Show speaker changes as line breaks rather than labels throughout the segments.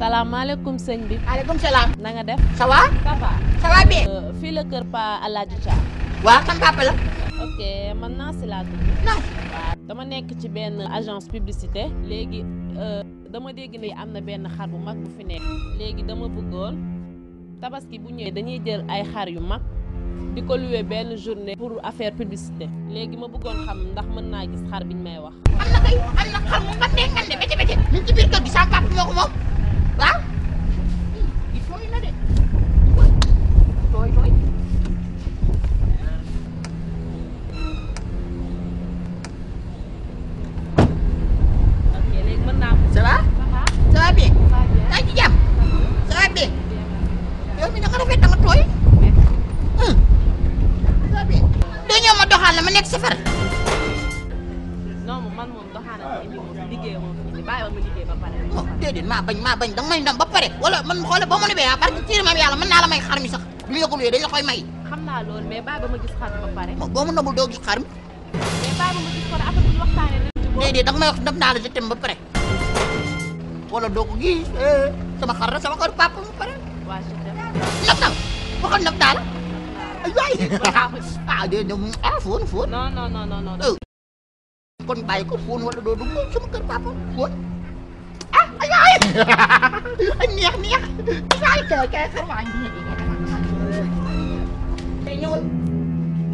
salaamaaleykum sëñ bi. maaleykum salaam. na def. ça va. ça va. Euh, fii la kër Pa Alaaji Dia. waaw sama papa la. ok man naa si laa tudd. naas. waaw dama nekk ci benn agence publicité léegi euh, dama dégg ne am na benn xar bu mag bu fi nekk. léegi dama bëggoon tabaski bu ñëwee dañuy jël ay xar yu mag di ko loué benn journée pour affaire publicité léegi ma bëggoon xam ndax mën naa gis xar bi ñu may wax. am na kay am na xar mu mag de ngande bëccëg bëccëg. biir kër gi sama papa yow mii da dañoo ma doxaan ma nekk si far. non ma indi oh, maa bañ maa bañ danga may ndam ba pare wala man xoole boo ma a ah sax lu yëgul yooyu dañ xam naa loolu mais doo gis xar mi. mais bàyyi ko rek après bu ñu waxtaanee rek. danga may wax ndam naa la jëtëm ba pare. wala doo ko gis eh, sama xar la sama xar papa ba pare. laptop waxoon laptop la waay ah déedéet ah fóon fóon. non non non non non. kon bàyyi ko fóon wala doo dugg sama kër papa fóon ah aywaay neex neex isaay kay kay xarwaay. tey ñëwal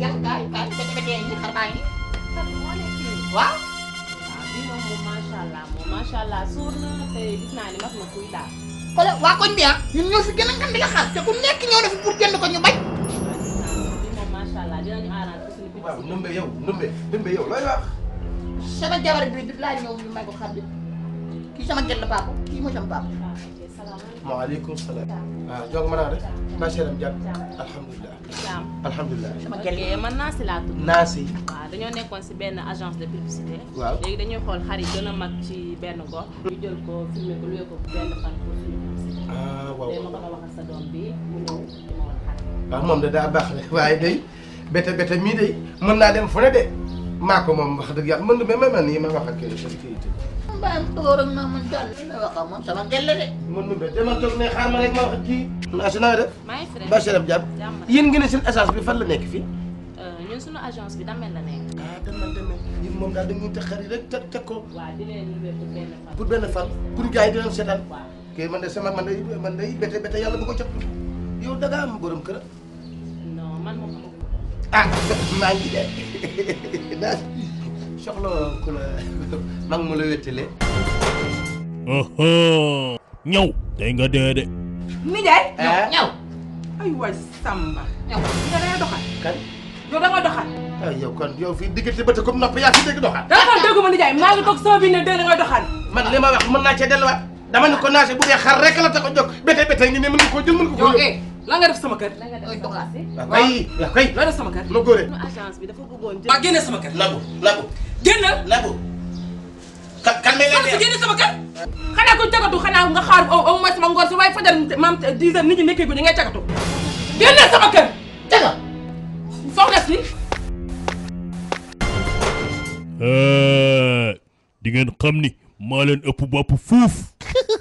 yan gaay gaay ba ba dee ñu xarwaay yi. waaw. waaw bii moom moom macha allah moom macha allah suur na te gis naa xoolal waa koñ bi ah ñun ñoo fi gën a ngand di la xaar te ku nekk ñëw na fi pour jënd ko ñu bañ.
waaw ndëmbe yow ndëmbe ndëmbe yow looy wax.
sama jabar bi laa ñëw ñu may ko xam bi kii sama gerte paapa kii mooy sama paapa.
maaleykum salaam. waaw ah, donc mën naa rek maa ngi seeram jàpp alhamdulilah. alhamdulilah. sama gerte
man Nancy laa tudd. Nancy. waaw dañoo nekkoon si benn agence de publicité. waaw léegi dañuy xool xar yi gën a mag ci benn gox. ñu jël ko filmé ko luwee ko benn fan pour ah waaw waaw ma ko wax ak sa doom bi mu ñëw
waaw ah, moom de daa baax rek waaye day bete bete mii day mën naa dem fu ne de maa ko moom wax dëgg yàlla mën na ma ma nii ma wax ak kii kii it.
mbaam tooram ma man daal li la wax ak moom sama gelle de.
mën na ba demal toog ne xaar ma rek ma wax ak kii. naa si nawet def.
maa ngi fi rek Bachir Abdiab. jàmm
yéen ngeen ne seen agence bi fan la nekk fii.
Euh, ñun suñu agence
bi damel la nekk. ah damel damel yéen moom daal dañuy tax xarit rek teg teg ko. waaw di leen pour benn fan. pour benn fan pour gars yi di leen seetaan. kii man de sama man day man day bete bete yàlla bu ko jot yow borom kër. non man ma ko. ah maa ngi de daal soxla la maa ngi mu la nga dee de. nijaay. Eh? ñëw ñëw. ay waay Samba. ñëw doxal. kan. yow da nga doxal. ay ah, kon yow fii diggante ba te comme yaa ngi dégg doxal. da nga doxal dégguma nijaay maa ngi toog soo ne dee doxal. man li ma wax mën naa cee delluwaat. dama ne ko naase bu dee rek la tax a jóg bete bete ngi ne mën nga koo jël mën nga koo yóbbu. Eh,
nga def sama kër. la nga def sama kër kay
kay. la def sama kër. bi dafa ko jagatu xanaa nga xaar au oh, oh, moins sama ngoon si waaye fajar maam 10 heures nit ñi nekkee guñu ngay jagatu. génne sama kër.
Eh, ni maa
leen ëpp bopp fuuf.